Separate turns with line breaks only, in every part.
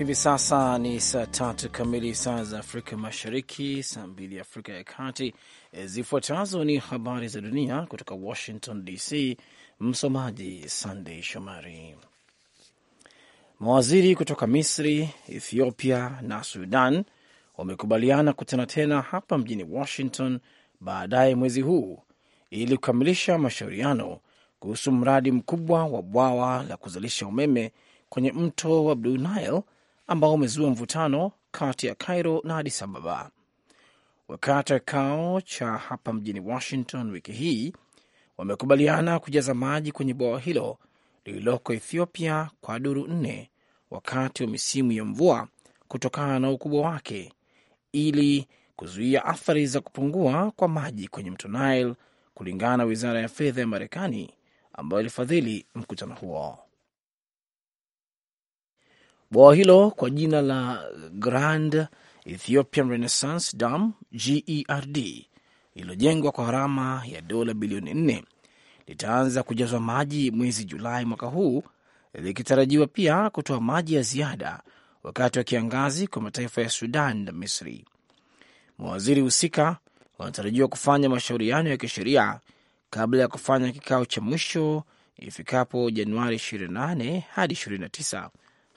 Hivi sasa ni saa tatu kamili saa za Afrika Mashariki, saa mbili Afrika ya Kati. E, zifuatazo ni habari za dunia kutoka Washington DC. Msomaji Sandey Shomari. Mawaziri kutoka Misri, Ethiopia na Sudan wamekubaliana kutana tena hapa mjini Washington baadaye mwezi huu ili kukamilisha mashauriano kuhusu mradi mkubwa wa bwawa la kuzalisha umeme kwenye mto wa Blue Nile ambao umezua mvutano kati ya Cairo na Addis Ababa. Wakati wa kikao cha hapa mjini Washington wiki hii, wamekubaliana kujaza maji kwenye bwawa hilo lililoko Ethiopia kwa duru nne wakati wa misimu ya mvua kutokana na ukubwa wake ili kuzuia athari za kupungua kwa maji kwenye mto Nile, kulingana na wizara ya fedha ya Marekani ambayo ilifadhili mkutano huo. Bwawa hilo kwa jina la Grand Ethiopian Renaissance Dam GERD lililojengwa kwa gharama ya dola bilioni nne litaanza kujazwa maji mwezi Julai mwaka huu, likitarajiwa pia kutoa maji ya ziada wakati wa kiangazi kwa mataifa ya Sudan na Misri. Mawaziri husika wanatarajiwa kufanya mashauriano ya kisheria kabla ya kufanya kikao cha mwisho ifikapo Januari 28 hadi 29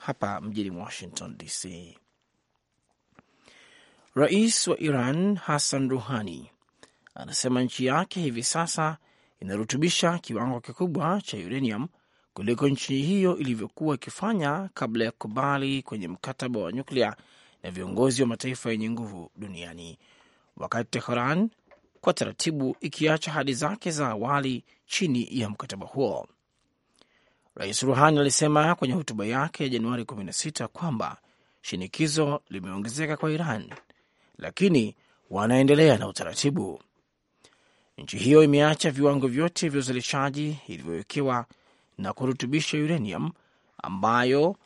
hapa mjini Washington DC. Rais wa Iran Hassan Ruhani anasema nchi yake hivi sasa inarutubisha kiwango kikubwa cha uranium kuliko nchi hiyo ilivyokuwa ikifanya kabla ya kukubali kwenye mkataba wa nyuklia na viongozi wa mataifa yenye nguvu duniani, wakati tehran kwa taratibu ikiacha hadi zake za awali chini ya mkataba huo. Rais Ruhani alisema kwenye hotuba yake ya Januari 16 kwamba shinikizo limeongezeka kwa Iran, lakini wanaendelea na utaratibu. Nchi hiyo imeacha viwango vyote vya uzalishaji ilivyowekewa na kurutubisha uranium ambayo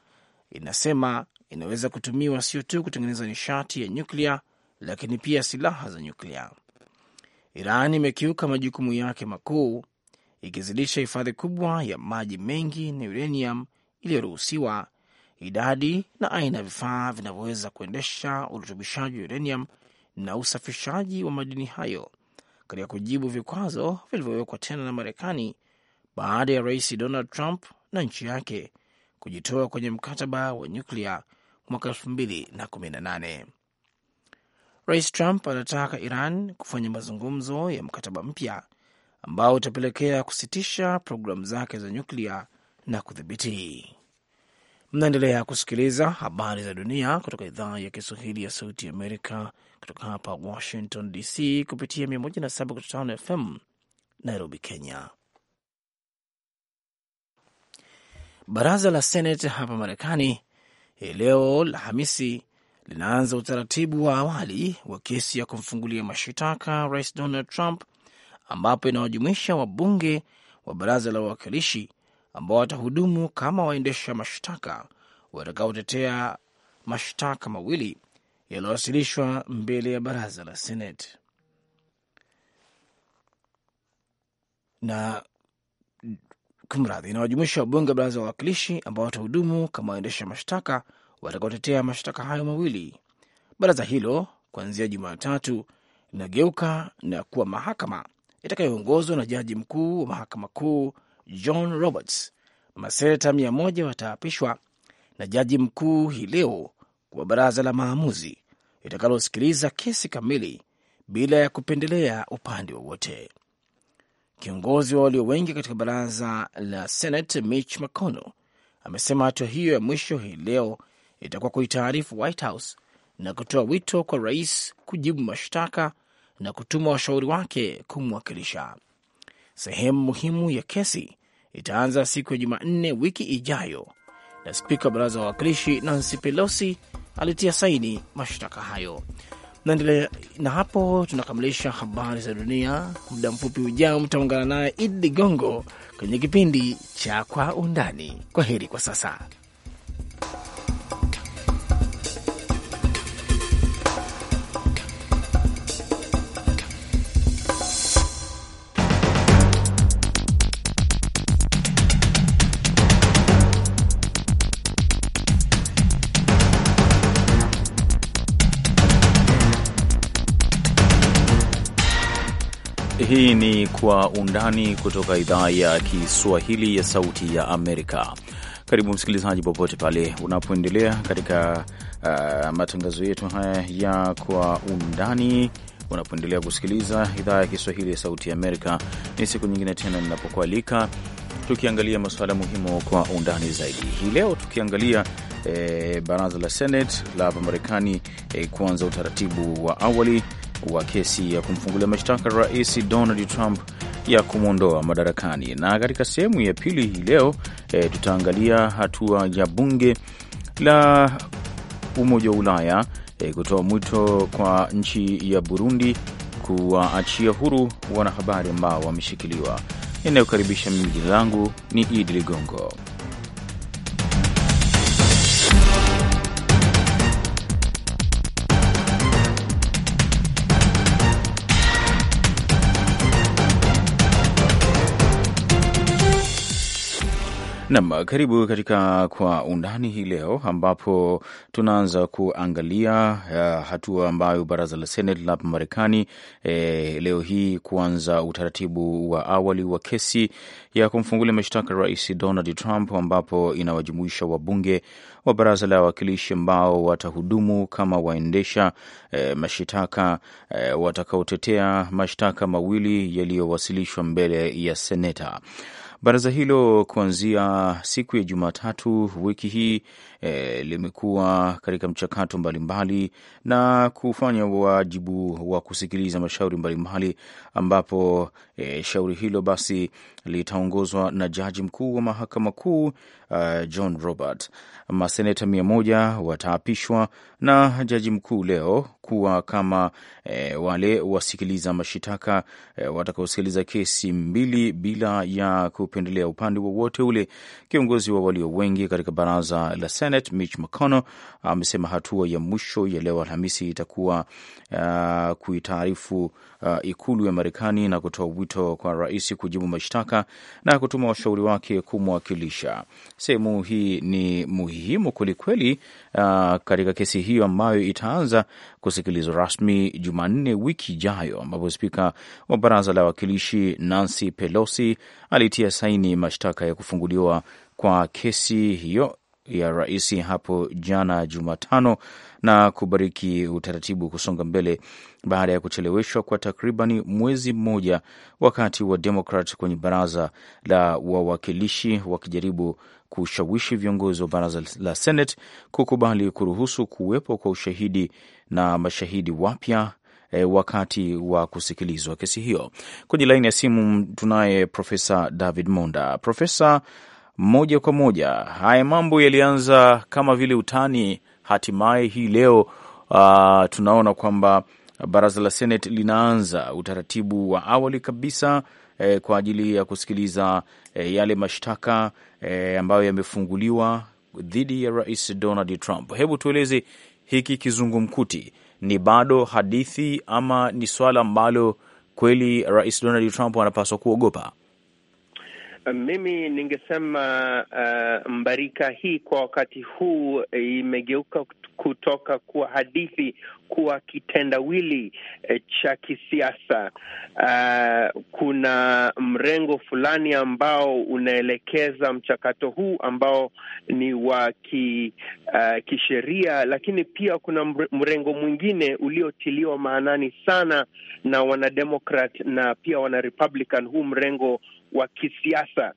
inasema inaweza kutumiwa sio tu kutengeneza nishati ya nyuklia, lakini pia silaha za nyuklia. Iran imekiuka majukumu yake makuu ikizidisha hifadhi kubwa ya maji mengi na uranium iliyoruhusiwa. Idadi na aina ya vifaa vinavyoweza kuendesha urutubishaji wa uranium na usafishaji wa madini hayo katika kujibu vikwazo vilivyowekwa tena na Marekani baada ya Rais Donald Trump na nchi yake kujitoa kwenye mkataba wa nyuklia mwaka nane. Rais Trump anataka Iran kufanya mazungumzo ya mkataba mpya ambao utapelekea kusitisha programu zake za nyuklia na kudhibiti. Mnaendelea kusikiliza habari za dunia kutoka idhaa ya Kiswahili ya Sauti ya Amerika kutoka hapa Washington DC kupitia 107.5 FM Nairobi, Kenya. Baraza la Senate hapa Marekani hii leo Alhamisi linaanza utaratibu wa awali wa kesi ya kumfungulia mashitaka Rais Donald Trump ambapo inawajumuisha wabunge wa baraza la wawakilishi ambao watahudumu kama waendesha mashtaka watakaotetea mashtaka mawili yaliyowasilishwa mbele ya baraza la Seneti. Na kumradhi, inawajumuisha wabunge wa baraza la wawakilishi ambao watahudumu kama waendesha mashtaka watakaotetea mashtaka hayo mawili. Baraza hilo kuanzia Jumatatu linageuka na kuwa mahakama itakayoongozwa na jaji mkuu wa mahakama kuu John Roberts. Maseneta mia moja wataapishwa na jaji mkuu hii leo kwa baraza la maamuzi itakalosikiliza kesi kamili bila ya kupendelea upande wowote. Kiongozi wa walio wengi katika baraza la Senate Mitch McConnell amesema hatua hiyo ya mwisho hii leo itakuwa kuitaarifu White House na kutoa wito kwa rais kujibu mashtaka na kutuma washauri wake kumwakilisha. Sehemu muhimu ya kesi itaanza siku ya Jumanne wiki ijayo, na spika wa baraza wa wawakilishi Nancy Pelosi alitia saini mashtaka hayo. Naendelea na hapo, tunakamilisha habari za dunia. Muda mfupi ujao mtaungana naye Idi Ligongo kwenye kipindi cha Kwa Undani. Kwa heri kwa sasa.
Hii ni Kwa Undani kutoka idhaa ya Kiswahili ya Sauti ya Amerika. Karibu msikilizaji, popote pale unapoendelea katika uh, matangazo yetu haya ya Kwa Undani, unapoendelea kusikiliza idhaa ya Kiswahili ya Sauti ya Amerika. Ni siku nyingine tena ninapokualika tukiangalia masuala muhimu kwa undani zaidi. Hii leo tukiangalia eh, baraza la Senate la hapa Marekani eh, kuanza utaratibu wa awali wa kesi ya kumfungulia mashtaka Rais Donald Trump ya kumwondoa madarakani. Na katika sehemu ya pili hii leo e, tutaangalia hatua ya bunge la Umoja wa Ulaya e, kutoa mwito kwa nchi ya Burundi kuwaachia huru wanahabari ambao wameshikiliwa. Inayokaribisha mimi, jina langu ni Idi Ligongo. Nam, karibu katika Kwa Undani hii leo, ambapo tunaanza kuangalia uh, hatua ambayo baraza la senat la hapa Marekani eh, leo hii kuanza utaratibu wa awali wa kesi ya kumfungulia mashtaka Rais Donald Trump, ambapo inawajumuisha wabunge wa baraza la wawakilishi ambao watahudumu kama waendesha eh, mashitaka eh, watakaotetea mashtaka mawili yaliyowasilishwa mbele ya seneta Baraza hilo kuanzia siku ya Jumatatu wiki hii e, limekuwa katika mchakato mbalimbali mbali, na kufanya wajibu wa kusikiliza mashauri mbalimbali mbali, ambapo e, shauri hilo basi litaongozwa na jaji mkuu wa mahakama kuu uh, John Robert. Maseneta mia moja wataapishwa na jaji mkuu leo kuwa kama e, wale wasikiliza mashitaka e, watakaosikiliza kesi mbili bila ya kupendelea upande wowote ule. Kiongozi wa walio wengi katika baraza la Senate Mitch McConnell amesema hatua ya mwisho ya leo Alhamisi itakuwa uh, kuitaarifu uh, ikulu ya Marekani na kutoa wito kwa rais kujibu mashtaka na kutuma washauri wake kumwakilisha. Sehemu hii ni muhimu kwelikweli, uh, katika kesi hiyo ambayo itaanza kusikilizwa rasmi Jumanne wiki ijayo, ambapo spika wa baraza la wawakilishi Nancy Pelosi alitia saini mashtaka ya kufunguliwa kwa kesi hiyo ya rais hapo jana Jumatano na kubariki utaratibu kusonga mbele baada ya kucheleweshwa kwa takribani mwezi mmoja, wakati wa Demokrat kwenye baraza la wawakilishi wakijaribu kushawishi viongozi wa baraza la Senate kukubali kuruhusu kuwepo kwa ushahidi na mashahidi wapya E, wakati wa kusikilizwa kesi hiyo. Kwenye laini ya simu tunaye Profesa David Monda. Profesa moja kwa moja. Haya mambo yalianza kama vile utani, hatimaye hii leo uh, tunaona kwamba baraza la Senate linaanza utaratibu wa awali kabisa eh, kwa ajili ya kusikiliza eh, yale mashtaka eh, ambayo yamefunguliwa dhidi ya Rais Donald Trump. Hebu tueleze hiki kizungumkuti, ni bado hadithi ama ni swala ambalo kweli Rais Donald Trump anapaswa kuogopa?
Mimi ningesema uh, mbarika hii kwa wakati huu imegeuka kutoka kuwa hadithi kuwa kitendawili eh, cha kisiasa. Uh, kuna mrengo fulani ambao unaelekeza mchakato huu ambao ni wa ki, uh, kisheria, lakini pia kuna mrengo mwingine uliotiliwa maanani sana na wanademokrat na pia wanarepublican, huu mrengo wa kisiasa.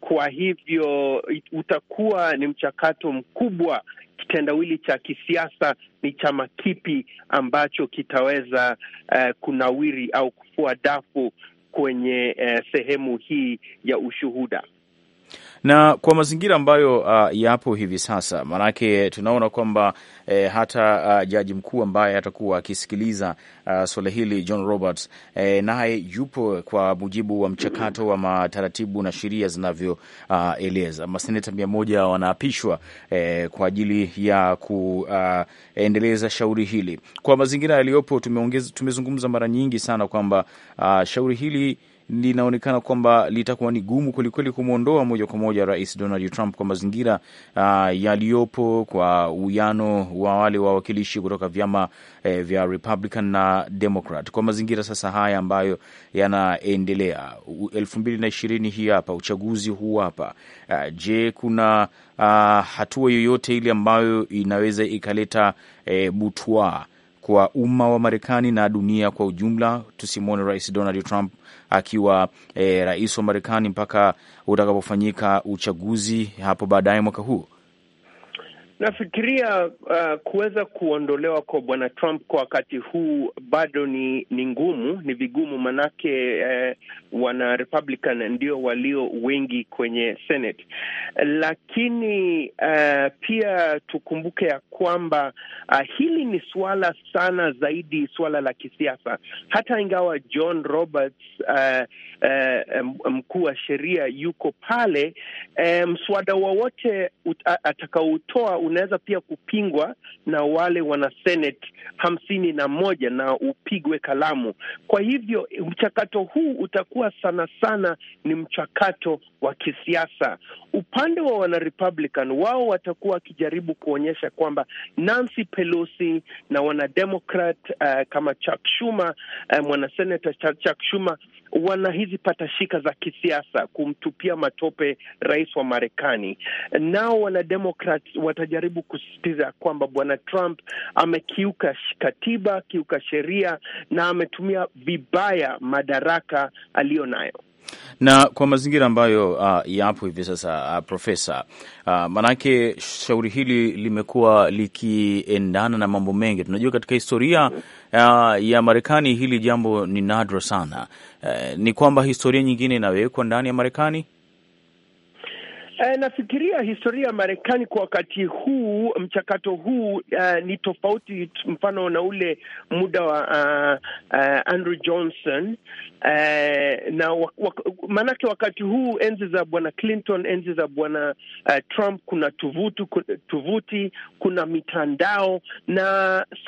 Kwa hivyo utakuwa ni mchakato mkubwa, kitendawili cha kisiasa ni chama kipi ambacho kitaweza uh, kunawiri au kufua dafu kwenye uh, sehemu hii ya ushuhuda
na kwa mazingira ambayo uh, yapo hivi sasa, maanake tunaona kwamba eh, hata uh, jaji mkuu ambaye atakuwa akisikiliza uh, swala hili John Roberts eh, naye yupo kwa mujibu wa mchakato wa mataratibu na sheria zinavyoeleza. Uh, maseneta mia moja wanaapishwa eh, kwa ajili ya kuendeleza uh, shauri hili. Kwa mazingira yaliyopo, tumezungumza mara nyingi sana kwamba uh, shauri hili linaonekana kwamba litakuwa ni gumu kwelikweli kumwondoa moja kwa moja Rais Donald Trump kwa mazingira uh, yaliyopo, kwa uwiano wa wale wawakilishi kutoka vyama eh, vya Republican na Democrat, kwa mazingira sasa haya ambayo yanaendelea elfu mbili na ishirini hii hapa, uchaguzi huu hapa. Uh, je, kuna uh, hatua yoyote ile ambayo inaweza ikaleta eh, butwaa kwa umma wa Marekani na dunia kwa ujumla. Tusimwone Rais Donald Trump akiwa e, rais wa Marekani mpaka utakapofanyika uchaguzi hapo baadaye mwaka huu.
Nafikiria uh, kuweza kuondolewa kwa bwana Trump kwa wakati huu bado ni ni ngumu, ni vigumu, manake eh, wana Republican ndio walio wengi kwenye Senate, lakini uh, pia tukumbuke ya kwamba uh, hili ni suala sana zaidi suala la kisiasa, hata ingawa John Roberts uh, uh, mkuu wa sheria yuko pale, uh, mswada wowote atakaoutoa unaweza pia kupingwa na wale wana senet hamsini na moja na upigwe kalamu. Kwa hivyo mchakato huu utakuwa sana sana ni mchakato wa kisiasa. Upande wa wanarepublican, wao watakuwa wakijaribu kuonyesha kwamba Nancy Pelosi na wanademokrat uh, kama Chuck Schumer uh, mwanasenata Chuck Schumer wana hizi patashika za kisiasa kumtupia matope rais wa Marekani. Nao wanademokrat watajaribu wanajaribu kusisitiza kwamba bwana Trump amekiuka katiba, akiuka sheria na ametumia vibaya madaraka aliyo nayo
na kwa mazingira ambayo uh, yapo hivi sasa uh, profesa uh, maanake shauri hili limekuwa likiendana na mambo mengi. Tunajua katika historia uh, ya Marekani hili jambo ni nadra sana. Uh, ni kwamba historia nyingine inawekwa ndani ya Marekani
E, nafikiria historia ya Marekani kwa wakati huu, mchakato huu uh, ni tofauti mfano na ule muda wa uh, uh, Andrew Johnson uh, na wak wak maanake wakati huu enzi za bwana Clinton, enzi za bwana uh, Trump, kuna tuvutu, kuna tuvuti, kuna mitandao na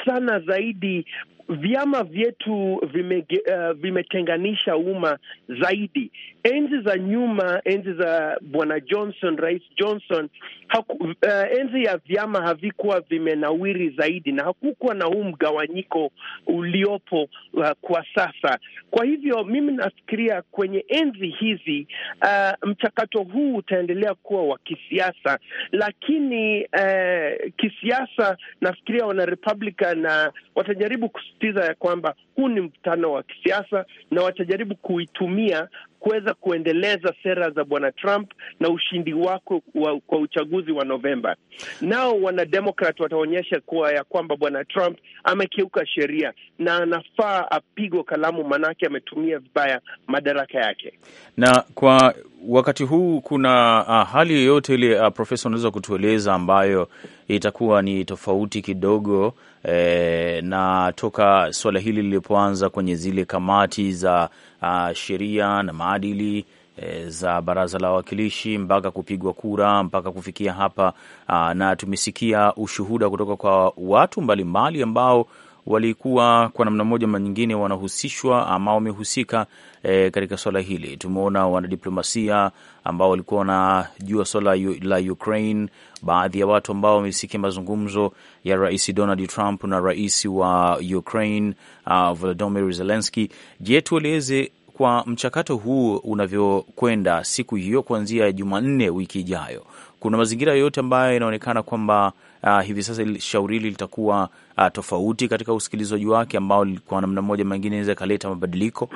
sana zaidi vyama vyetu vimege, uh, vimetenganisha umma zaidi. Enzi za nyuma, enzi za bwana Johnson, rais Johnson haku, uh, enzi ya vyama havikuwa vimenawiri zaidi na hakukuwa na huu mgawanyiko uliopo uh, kwa sasa. Kwa hivyo mimi nafikiria kwenye enzi hizi uh, mchakato huu utaendelea kuwa wa kisiasa, lakini uh, kisiasa nafikiria wana Republican na watajaribu kus kusisitiza ya kwamba huu ni mkutano wa kisiasa na watajaribu kuitumia kuweza kuendeleza sera za bwana Trump na ushindi wako wa, kwa uchaguzi wa Novemba. Nao wanademokrat wataonyesha kuwa ya kwamba bwana Trump amekiuka sheria na anafaa apigwe kalamu, manake ametumia vibaya madaraka yake.
Na kwa wakati huu kuna uh, hali yoyote ile uh, profesa, unaweza kutueleza ambayo itakuwa ni tofauti kidogo eh, na toka suala hili lilipoanza kwenye zile kamati za uh, sheria na maadili e, za baraza la wawakilishi mpaka kupigwa kura mpaka kufikia hapa uh, na tumesikia ushuhuda kutoka kwa watu mbalimbali ambao walikuwa kwa namna moja ama nyingine wanahusishwa ama wamehusika e, katika swala hili. Tumeona wanadiplomasia ambao walikuwa wanajua swala la Ukraine, baadhi ya watu ambao wamesikia mazungumzo ya Rais Donald Trump na rais wa Ukraine uh, Volodymyr Zelensky. Je, tueleze kwa mchakato huu unavyokwenda siku hiyo kuanzia Jumanne wiki ijayo kuna mazingira yoyote ambayo inaonekana kwamba uh, hivi sasa shauri hili litakuwa uh, tofauti katika usikilizaji wake ambao kwa namna moja mengine inaweza ikaleta mabadiliko?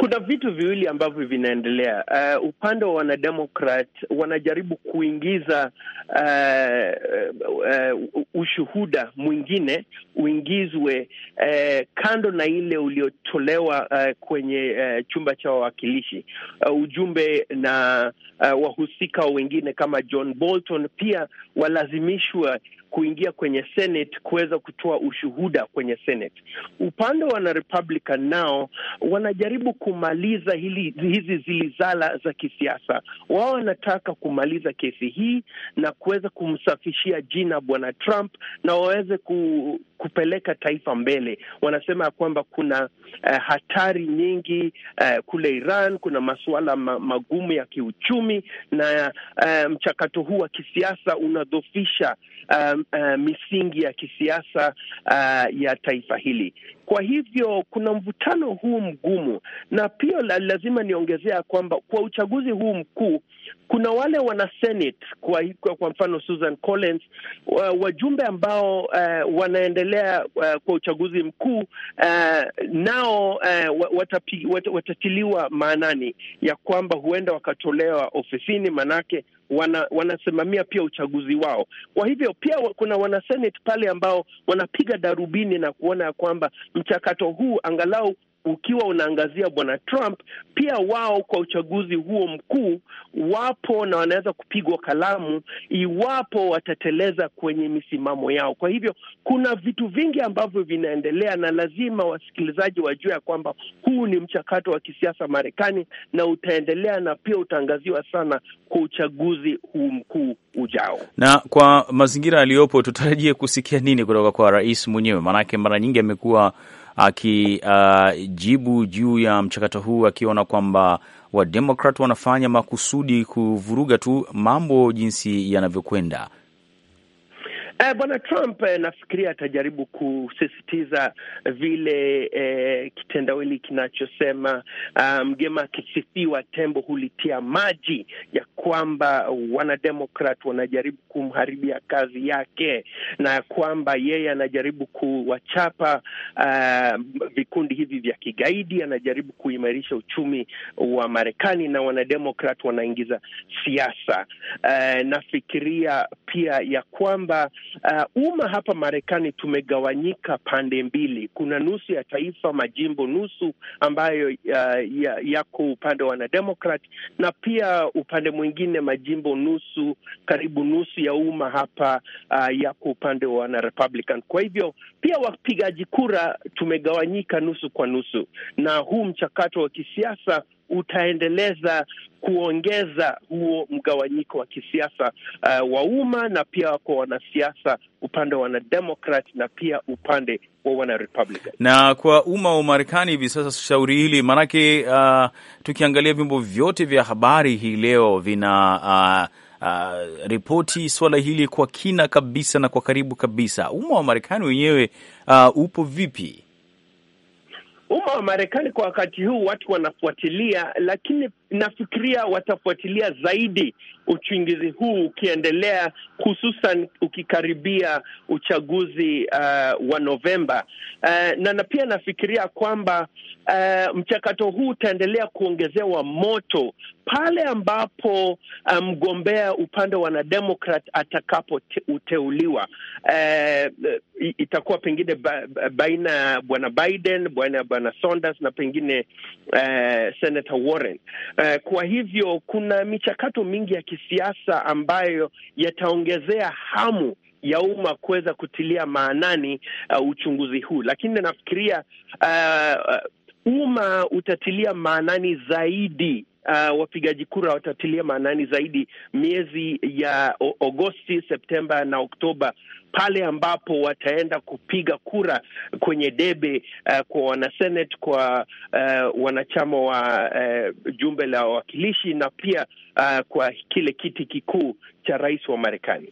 Kuna vitu viwili ambavyo vinaendelea. Uh, upande wa wanademokrat wanajaribu kuingiza uh, uh, ushuhuda mwingine uingizwe uh, kando na ile uliotolewa uh, kwenye uh, chumba cha wawakilishi uh, ujumbe na uh, wahusika wengine kama John Bolton pia walazimishwa kuingia kwenye Senate kuweza kutoa ushuhuda kwenye Senate. Upande wa wanarepublican nao wanajaribu kumaliza hili, hizi zilizala za kisiasa. Wao wanataka kumaliza kesi hii na kuweza kumsafishia jina bwana Trump na waweze ku, kupeleka taifa mbele. Wanasema ya kwamba kuna uh, hatari nyingi uh, kule Iran, kuna masuala ma, magumu ya kiuchumi na uh, mchakato huu wa kisiasa unadhofisha um, uh, misingi ya kisiasa uh, ya taifa hili. Kwa hivyo kuna mvutano huu mgumu, na pia lazima niongezea kwamba kwa uchaguzi huu mkuu kuna wale wana Senate, kwa, kwa, kwa mfano Susan Collins, wajumbe ambao uh, wanaendelea uh, kwa uchaguzi mkuu uh, nao uh, wat, watatiliwa maanani ya kwamba huenda wakatolewa ofisini manake wana, wanasimamia pia uchaguzi wao. Kwa hivyo pia kuna wanaseneti pale ambao wanapiga darubini na kuona ya kwamba mchakato huu angalau ukiwa unaangazia bwana Trump, pia wao kwa uchaguzi huo mkuu wapo na wanaweza kupigwa kalamu iwapo watateleza kwenye misimamo yao. Kwa hivyo kuna vitu vingi ambavyo vinaendelea, na lazima wasikilizaji wajue ya kwamba huu ni mchakato wa kisiasa Marekani na utaendelea na pia utaangaziwa sana kwa uchaguzi huu mkuu ujao.
Na kwa mazingira yaliyopo, tutarajie kusikia nini kutoka kwa rais mwenyewe? Maanake mara nyingi amekuwa akijibu uh, juu ya mchakato huu akiona kwamba Wademokrat wanafanya makusudi kuvuruga tu mambo jinsi yanavyokwenda.
Eh, Bwana Trump eh, nafikiria atajaribu kusisitiza vile eh, kitendawili kinachosema ah, mgema um, akisifiwa tembo hulitia maji, ya kwamba wanademokrat wanajaribu kumharibia kazi yake na ya kwamba yeye anajaribu kuwachapa uh, vikundi hivi vya kigaidi, anajaribu kuimarisha uchumi wa Marekani na wanademokrat wanaingiza siasa. Uh, nafikiria pia ya kwamba Uh, umma hapa Marekani tumegawanyika pande mbili. Kuna nusu ya taifa, majimbo nusu ambayo uh, yako upande wa wanademokrat, na pia upande mwingine majimbo nusu, karibu nusu ya umma hapa uh, yako upande wa wanarepublican. Kwa hivyo pia wapigaji kura tumegawanyika nusu kwa nusu, na huu mchakato wa kisiasa utaendeleza kuongeza huo mgawanyiko wa kisiasa uh, wa umma na pia kwa wanasiasa upande wa wanademokrat na pia upande wa wanarepublican.
Na kwa umma wa Marekani hivi sasa shauri hili maanake, uh, tukiangalia vyombo vyote vya habari hii leo vina uh, Uh, ripoti swala hili kwa kina kabisa na kwa karibu kabisa. Umma wa Marekani wenyewe uh, upo vipi?
Umma wa Marekani kwa wakati huu watu wanafuatilia, lakini nafikiria watafuatilia zaidi uchunguzi huu ukiendelea, hususan ukikaribia uchaguzi uh, wa Novemba uh, na pia nafikiria kwamba uh, mchakato huu utaendelea kuongezewa moto pale ambapo uh, mgombea um, upande wa wanademokrat atakapouteuliwa Uh, itakuwa pengine ba, baina ya bwana Biden, bwana bwana Sanders na pengine uh, Senator Warren. Eh, kwa hivyo kuna michakato mingi ya kisiasa ambayo yataongezea hamu ya umma kuweza kutilia maanani uh, uchunguzi huu, lakini nafikiria eh, umma utatilia maanani zaidi Uh, wapigaji kura watatilia maanani zaidi miezi ya Agosti, Septemba na Oktoba pale ambapo wataenda kupiga kura kwenye debe uh, kwa wanasenate kwa uh, wanachama wa uh, jumbe la wawakilishi na pia uh, kwa kile kiti kikuu cha rais wa Marekani.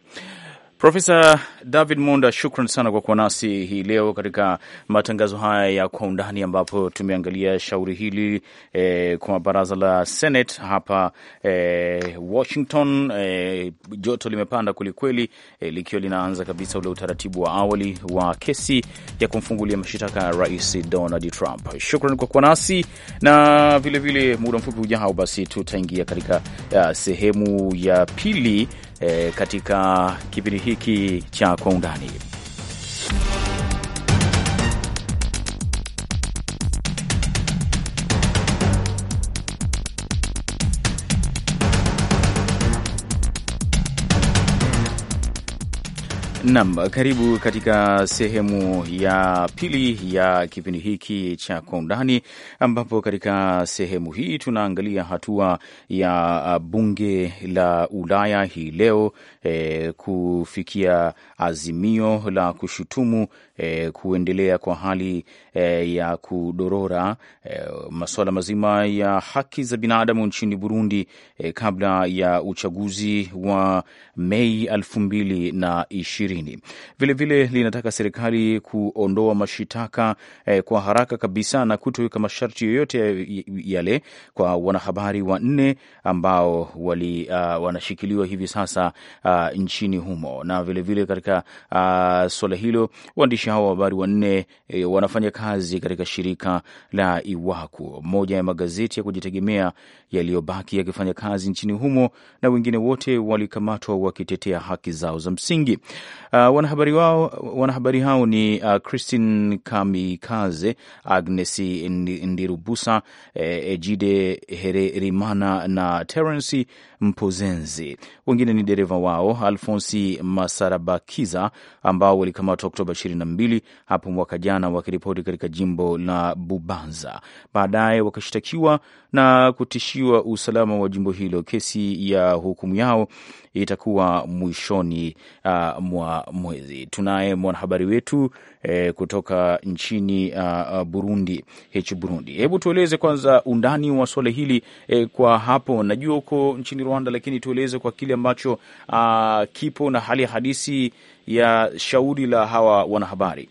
Profesa David Munda, shukran sana kwa kuwa nasi hii leo katika matangazo haya ya kwa undani, ambapo tumeangalia shauri hili eh, kwa baraza la Senate hapa eh, Washington. Eh, joto limepanda kwelikweli, eh, likiwa linaanza kabisa ule utaratibu wa awali wa kesi ya kumfungulia mashitaka Rais Donald Trump. Shukran kwa kuwa nasi na vilevile, muda mfupi ujao, basi tutaingia katika uh, sehemu ya pili Eh, katika kipindi hiki cha Kwa Undani. Nam, karibu katika sehemu ya pili ya kipindi hiki cha Kwa Undani, ambapo katika sehemu hii tunaangalia hatua ya uh, bunge la Ulaya hii leo eh, kufikia azimio la kushutumu e, kuendelea kwa hali e, ya kudorora e, masuala mazima ya haki za binadamu nchini Burundi e, kabla ya uchaguzi wa Mei elfu mbili na ishirini. Vilevile linataka serikali kuondoa mashitaka e, kwa haraka kabisa na kutoweka masharti yoyote yale kwa wanahabari wanne ambao wali, uh, wanashikiliwa hivi sasa uh, nchini humo na vilevile katika uh, ah, suala hilo waandishi hao wa habari wanne e, wanafanya kazi katika shirika la iwaku moja ya magazeti ya kujitegemea yaliyobaki yakifanya kazi nchini humo, na wengine wote walikamatwa wakitetea haki zao za msingi. Uh, wanahabari wao, wanahabari hao ni uh, Christine Kamikaze, Agnes Ndirubusa, eh, Ejide Hererimana na Terence Mpozenzi. Wengine ni dereva wao Alfonsi Masarabakiza ambao walikamatwa Oktoba mbili hapo mwaka jana wakiripoti katika jimbo la Bubanza. Baadaye wakashtakiwa na kutishiwa usalama wa jimbo hilo. Kesi ya hukumu yao itakuwa mwishoni uh, mwa mwezi. Tunaye mwanahabari wetu eh, kutoka nchini uh, uh Burundi h Burundi, hebu tueleze kwanza undani wa suala hili eh, kwa hapo. Najua huko nchini Rwanda, lakini tueleze kwa kile ambacho uh, kipo na hali ya hadisi ya shauri la hawa wanahabari?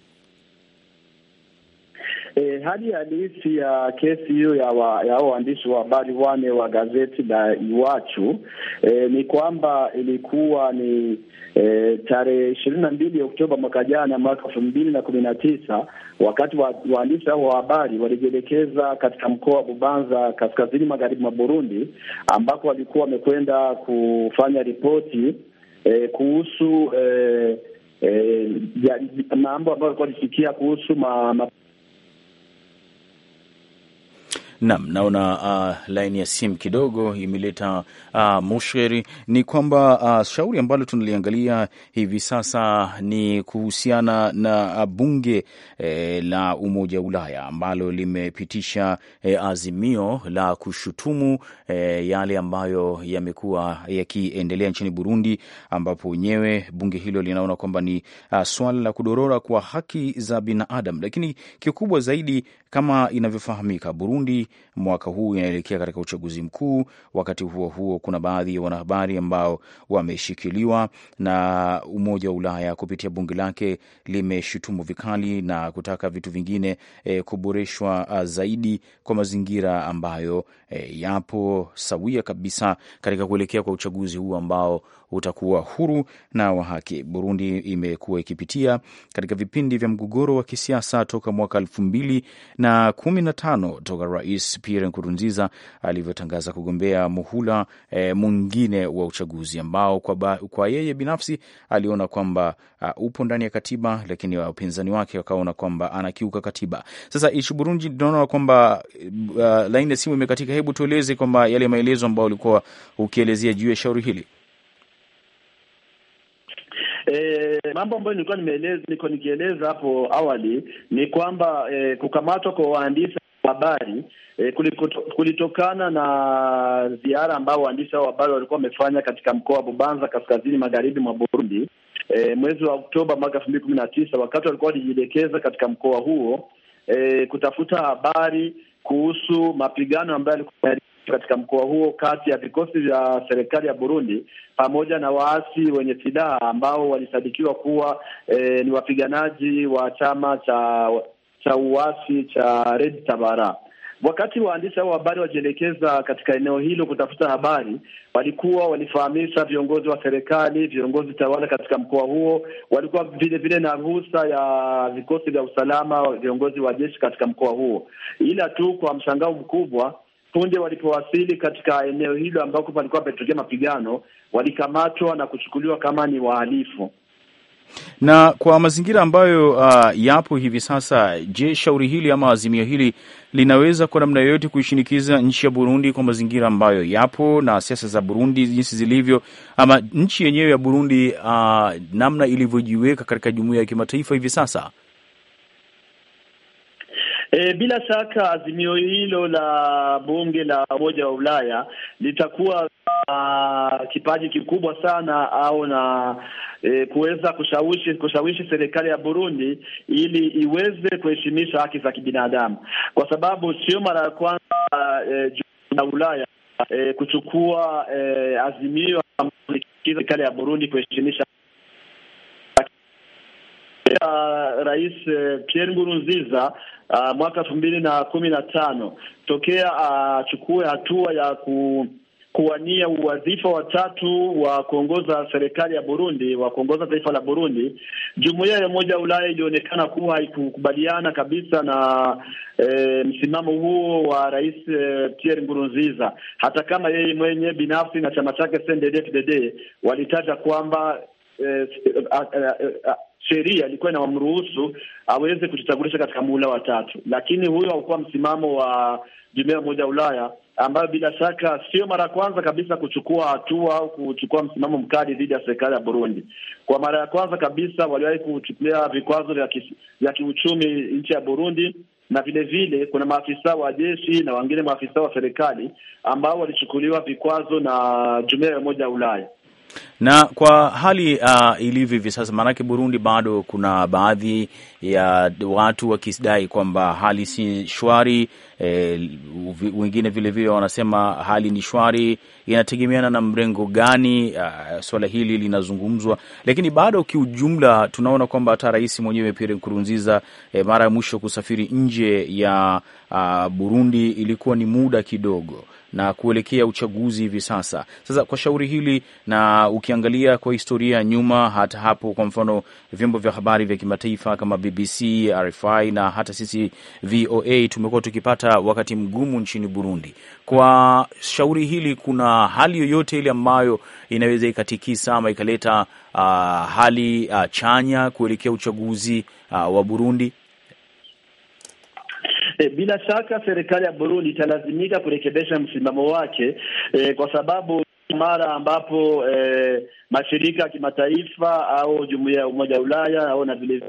E, hali halisi ya kesi hiyo ya hao waandishi wa habari wane wa gazeti la Iwachu e, ni kwamba ilikuwa ni e, tarehe ishirini na mbili Oktoba mwaka jana mwaka elfu mbili na kumi na tisa wakati wa, waandishi hao wa habari walijielekeza katika mkoa wa Bubanza kaskazini magharibi mwa Burundi ambako walikuwa wamekwenda kufanya ripoti e, kuhusu e, e, mambo ambayo alikuwa alisikia kuhusu ma, ma
Naam, naona uh, laini ya simu kidogo imeleta uh, musheri. Ni kwamba uh, shauri ambalo tunaliangalia hivi sasa ni kuhusiana na uh, bunge eh, la Umoja wa Ulaya ambalo limepitisha eh, azimio la kushutumu eh, yale ambayo yamekuwa yakiendelea nchini Burundi, ambapo wenyewe bunge hilo linaona kwamba ni uh, swala la kudorora kwa haki za binadamu, lakini kikubwa zaidi kama inavyofahamika Burundi mwaka huu inaelekea katika uchaguzi mkuu. Wakati huo huo, kuna baadhi ya wanahabari ambao wameshikiliwa na Umoja wa Ulaya kupitia bunge lake limeshutumu vikali na kutaka vitu vingine e, kuboreshwa ah, zaidi kwa mazingira ambayo e, yapo sawia kabisa katika kuelekea kwa uchaguzi huu ambao utakuwa huru na wa haki. Burundi imekuwa ikipitia katika vipindi vya mgogoro wa kisiasa toka mwaka elfu mbili na kumi na tano toka Rais Pierre Nkurunziza alivyotangaza kugombea muhula e, mwingine wa uchaguzi ambao kwa, ba, kwa yeye binafsi aliona kwamba uh, upo ndani ya katiba, lakini wapinzani wake wakaona kwamba anakiuka katiba. Sasa ichi Burundi tunaona kwamba uh, laini ya simu imekatika. Hebu tueleze kwamba yale maelezo ambayo ulikuwa ukielezea juu ya shauri hili
eh, mambo ambayo nilikuwa nimeeleza niko nikieleza hapo awali ni kwamba eh, kukamatwa kwa waandishi wa habari e, kulitokana na ziara ambao waandishi hao wa habari walikuwa wamefanya katika mkoa wa Bubanza kaskazini magharibi mwa Burundi eh, mwezi wa Oktoba mwaka elfu mbili kumi na tisa wakati walikuwa walijielekeza katika mkoa huo eh, kutafuta habari kuhusu mapigano ambayo yalikuwa katika mkoa huo kati ya vikosi vya serikali ya Burundi pamoja na waasi wenye silaha ambao walisadikiwa kuwa e, ni wapiganaji wa chama cha cha uasi cha Red Tabara. Wakati waandishi hao wa habari wajielekeza katika eneo hilo kutafuta habari, walikuwa walifahamisha viongozi wa serikali, viongozi tawala katika mkoa huo, walikuwa vile vile na ruhusa ya vikosi vya usalama, viongozi wa jeshi katika mkoa huo, ila tu kwa mshangao mkubwa punde walipowasili katika eneo hilo ambako palikuwa pametokea mapigano, walikamatwa na kuchukuliwa kama ni wahalifu.
Na kwa mazingira ambayo uh, yapo hivi sasa, je, shauri hili ama azimio hili linaweza kwa namna yoyote kuishinikiza nchi ya Burundi kwa mazingira ambayo yapo na siasa za Burundi jinsi zilivyo, ama nchi yenyewe ya Burundi uh, namna ilivyojiweka katika jumuiya ya kimataifa hivi sasa?
E, bila shaka azimio hilo la bunge la Umoja wa Ulaya litakuwa Uh, kipaji kikubwa sana au na e, kuweza kushawishi kushawishi serikali ya Burundi ili iweze kuheshimisha haki za kibinadamu, kwa sababu sio mara ya kwanza e, la Ulaya e, kuchukua e, azimio serikali ya Burundi kuheshimisha ya Rais eh, Pierre Nkurunziza uh, mwaka elfu mbili na kumi na tano tokea ah, achukue uh, hatua ya ku kuwania uwadhifa watatu wa kuongoza serikali ya Burundi, wa kuongoza taifa la Burundi, jumuiya ya umoja wa Ulaya ilionekana kuwa haikukubaliana kabisa na e, msimamo huo wa rais e, Pierre Nkurunziza, hata kama yeye mwenye binafsi na chama chake CNDD-FDD walitaja kwamba E, a, a, a, sheria ilikuwa inamruhusu aweze kujichagulisha katika muhula wa tatu, lakini huyo hakuwa msimamo wa jumuiya moja ya Ulaya, ambayo bila shaka sio mara ya kwanza kabisa kuchukua hatua au kuchukua msimamo mkali dhidi ya serikali ya Burundi. Kwa mara ya kwanza kabisa waliwahi kuchukulia vikwazo vya kiuchumi nchi ya Burundi, na vilevile kuna maafisa wa jeshi na wengine maafisa wa serikali ambao walichukuliwa vikwazo na jumuiya ya umoja wa Ulaya.
Na kwa hali uh, ilivyo hivi sasa, maanake Burundi bado kuna baadhi ya watu wakidai kwamba hali si shwari E, wengine vilevile wanasema hali ni shwari, inategemeana na mrengo gani uh, swala hili linazungumzwa, lakini bado kiujumla tunaona kwamba hata rais mwenyewe Pierre Nkurunziza e, mara ya mwisho kusafiri nje ya uh, Burundi ilikuwa ni muda kidogo na kuelekea uchaguzi hivi sasa. Sasa kwa shauri hili, na ukiangalia kwa historia nyuma, hata hapo, kwa mfano, vyombo vya habari vya kimataifa kama BBC, RFI na hata sisi VOA tumekuwa tukipata wakati mgumu nchini Burundi. Kwa shauri hili, kuna hali yoyote ile ambayo inaweza ikatikisa ama ikaleta uh, hali uh, chanya kuelekea uchaguzi uh, wa Burundi?
E, bila shaka serikali ya Burundi italazimika kurekebisha msimamo wake e, kwa sababu mara ambapo e, mashirika ya kimataifa au jumuiya ya Umoja wa Ulaya au na vile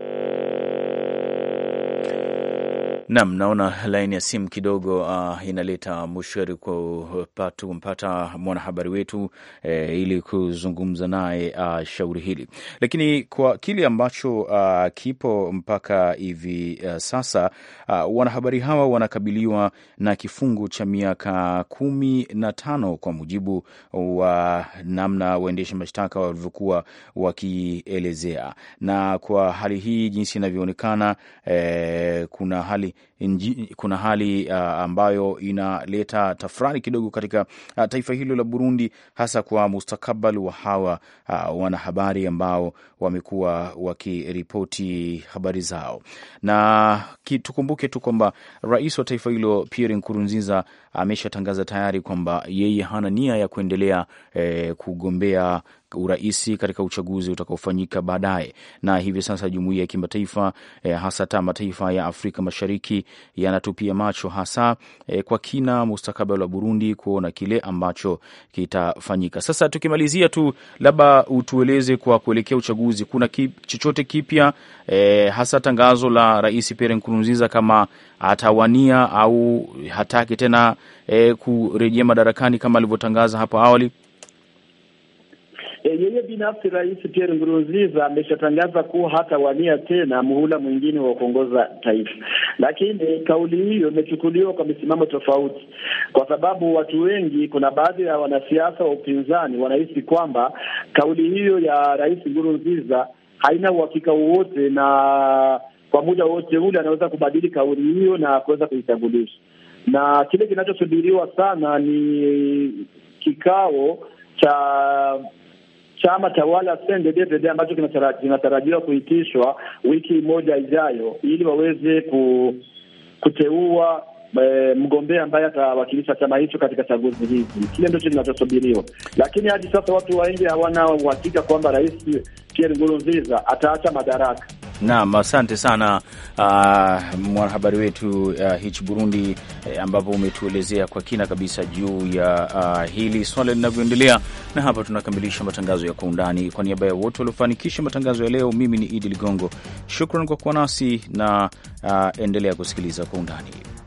Nam, naona laini ya simu kidogo uh, inaleta mushari kumpata mwanahabari wetu eh, ili kuzungumza naye uh, shauri hili, lakini kwa kile ambacho uh, kipo mpaka hivi uh, sasa uh, wanahabari hawa wanakabiliwa na kifungu cha miaka kumi na tano kwa mujibu wa namna waendesha mashtaka walivyokuwa wakielezea, na kwa hali hii jinsi inavyoonekana, eh, kuna hali nji, kuna hali uh, ambayo inaleta tafrani kidogo katika uh, taifa hilo la Burundi, hasa kwa mustakabali wa hawa uh, wanahabari ambao wamekuwa wakiripoti habari zao, na tukumbuke tu kwamba rais wa taifa hilo Pierre Nkurunziza ameshatangaza tayari kwamba yeye hana nia ya kuendelea eh, kugombea uraisi katika uchaguzi utakaofanyika baadaye. Na hivi sasa jumuiya ya kimataifa eh, hasa ta mataifa ya Afrika Mashariki yanatupia macho hasa eh, kwa kina mustakabali wa Burundi kuona kile ambacho kitafanyika. Sasa tukimalizia tu, labda utueleze kwa kuelekea uchaguzi, kuna kip, chochote kipya eh, hasa tangazo la Rais Pierre Nkurunziza kama atawania au hataki tena eh, kurejea madarakani kama alivyotangaza hapo awali?
E, yeye binafsi Rais Pierre Nkurunziza ameshatangaza kuwa hata wania tena muhula mwingine wa kuongoza taifa, lakini kauli hiyo imechukuliwa kwa misimamo tofauti, kwa sababu watu wengi, kuna baadhi ya wanasiasa wa upinzani wanahisi kwamba kauli hiyo ya Rais Nkurunziza haina uhakika wowote na kwa muda wote ule anaweza kubadili kauli hiyo na kuweza kuitambulisha. Na kile kinachosubiriwa sana ni kikao cha chama tawala CNDD-FDD ambacho kinatarajiwa kuitishwa wiki moja ijayo, ili waweze ku, kuteua e, mgombea ambaye atawakilisha chama hicho katika chaguzi hizi. Kile ndicho kinachosubiriwa, lakini hadi sasa watu wengi hawana uhakika kwamba Rais Pierre Nkurunziza ataacha madaraka.
Naam, asante sana uh, mwanahabari wetu uh, hichi Burundi eh, ambapo umetuelezea kwa kina kabisa juu ya uh, hili swala linavyoendelea. Na hapa tunakamilisha matangazo ya kwa undani. Kwa niaba ya wote waliofanikisha matangazo ya leo, mimi ni Idi Ligongo, shukran kwa kuwa nasi na uh, endelea kusikiliza kwa undani.